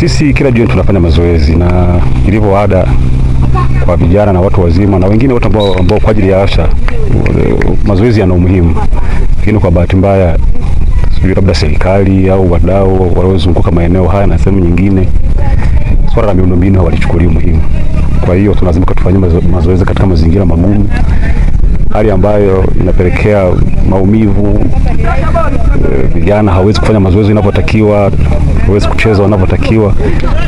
Sisi kila jioni tunafanya mazoezi na ilivyo ada kwa vijana na watu wazima na wengine wote ambao ambao kwa ajili ya afya, mazoezi yana umuhimu, lakini kwa bahati mbaya sijui labda serikali au wadau waliozunguka maeneo haya na sehemu nyingine, swala la miundombinu hawalichukulii umuhimu. Kwa hiyo tunalazimika tufanye mazoezi katika mazingira magumu, hali ambayo inapelekea maumivu. Eh, vijana hawezi kufanya mazoezi inavyotakiwa hawezi kucheza wanavyotakiwa.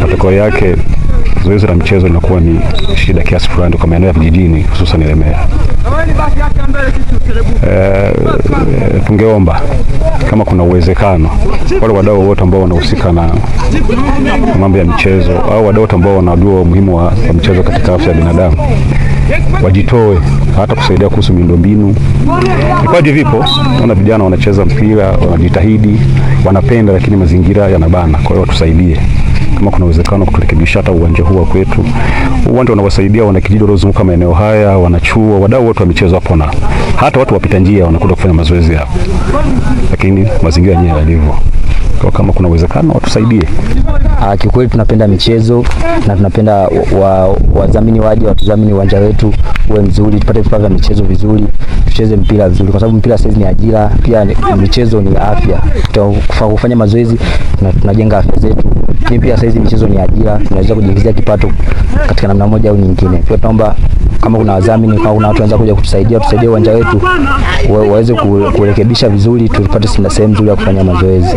Matokeo yake zoezi la mchezo linakuwa ni shida kiasi fulani kwa maeneo ya vijijini hususan Ilemela. E, eh, eh, tungeomba kama kuna uwezekano wale wadau wote ambao wanahusika na mambo ya michezo au wadau wote ambao wanajua umuhimu wa mchezo katika afya ya binadamu wajitoe hata kusaidia kuhusu miundombinu. Vipaji vipo, naona vijana wanacheza mpira, wanajitahidi, wanapenda, lakini mazingira yanabana. Kwa hiyo watusaidie kama kuna uwezekano kuturekebisha hata uwanja huu wa kwetu, uwanja unawasaidia wanakijiji waliozunguka maeneo haya, wanachuo, wadau wote wa michezo hapo, na hata watu wapita njia wanakuja kufanya mazoezi hapa, lakini mazingira yenyewe yalivyo kwa kama kuna uwezekano watusaidie. Ah, kikweli tunapenda michezo na tunapenda wadhamini wa, waje watudhamini uwanja wetu uwe mzuri, tupate vifaa vya michezo vizuri, tucheze mpira vizuri, kwa sababu mpira sasa ni ajira pia, michezo ni afya. kufanya mazoezi na tunajenga afya zetu. Lakini pia hizi michezo ni ajira, tunaweza kujiingizia kipato katika namna moja au nyingine. Pia tunaomba kama kuna wadhamini, kama kuna watu wanaweza kuja kutusaidia, tusaidie uwanja wetu waweze kurekebisha vizuri, tupate sehemu nzuri ya kufanya mazoezi.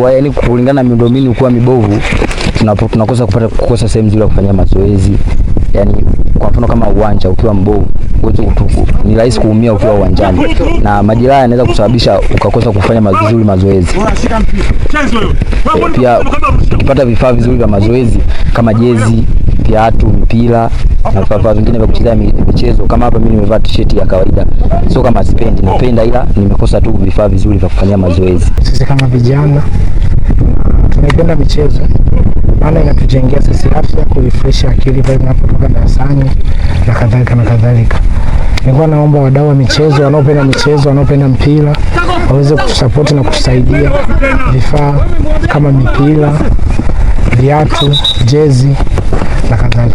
Kwa yaani, kulingana na miundombinu kuwa mibovu, tunakosa kupata kukosa sehemu nzuri ya kufanya mazoezi yani kwa mfano kama uwanja ukiwa mbovu ni rahisi kuumia ukiwa uwanjani, na majeraha yanaweza kusababisha ukakosa kufanya vizuri mazoezi. E, pia ukipata vifaa vizuri vya mazoezi kama jezi, viatu, mpira na vifaa vingine vya kuchezea michezo. Kama hapa mimi nimevaa t-shirt ya kawaida, sio kama sipendi, napenda, ila nimekosa tu vifaa vizuri vya kufanyia mazoezi. Sisi kama vijana tunapenda michezo maana inatujengea sisi afya, kurefresh akili pale tunapotoka darasani na kadhalika na kadhalika. Nilikuwa naomba wadau wa michezo, wanaopenda michezo, wanaopenda mpira waweze kutusapoti na kutusaidia vifaa kama mipira, viatu, jezi na kadhalika.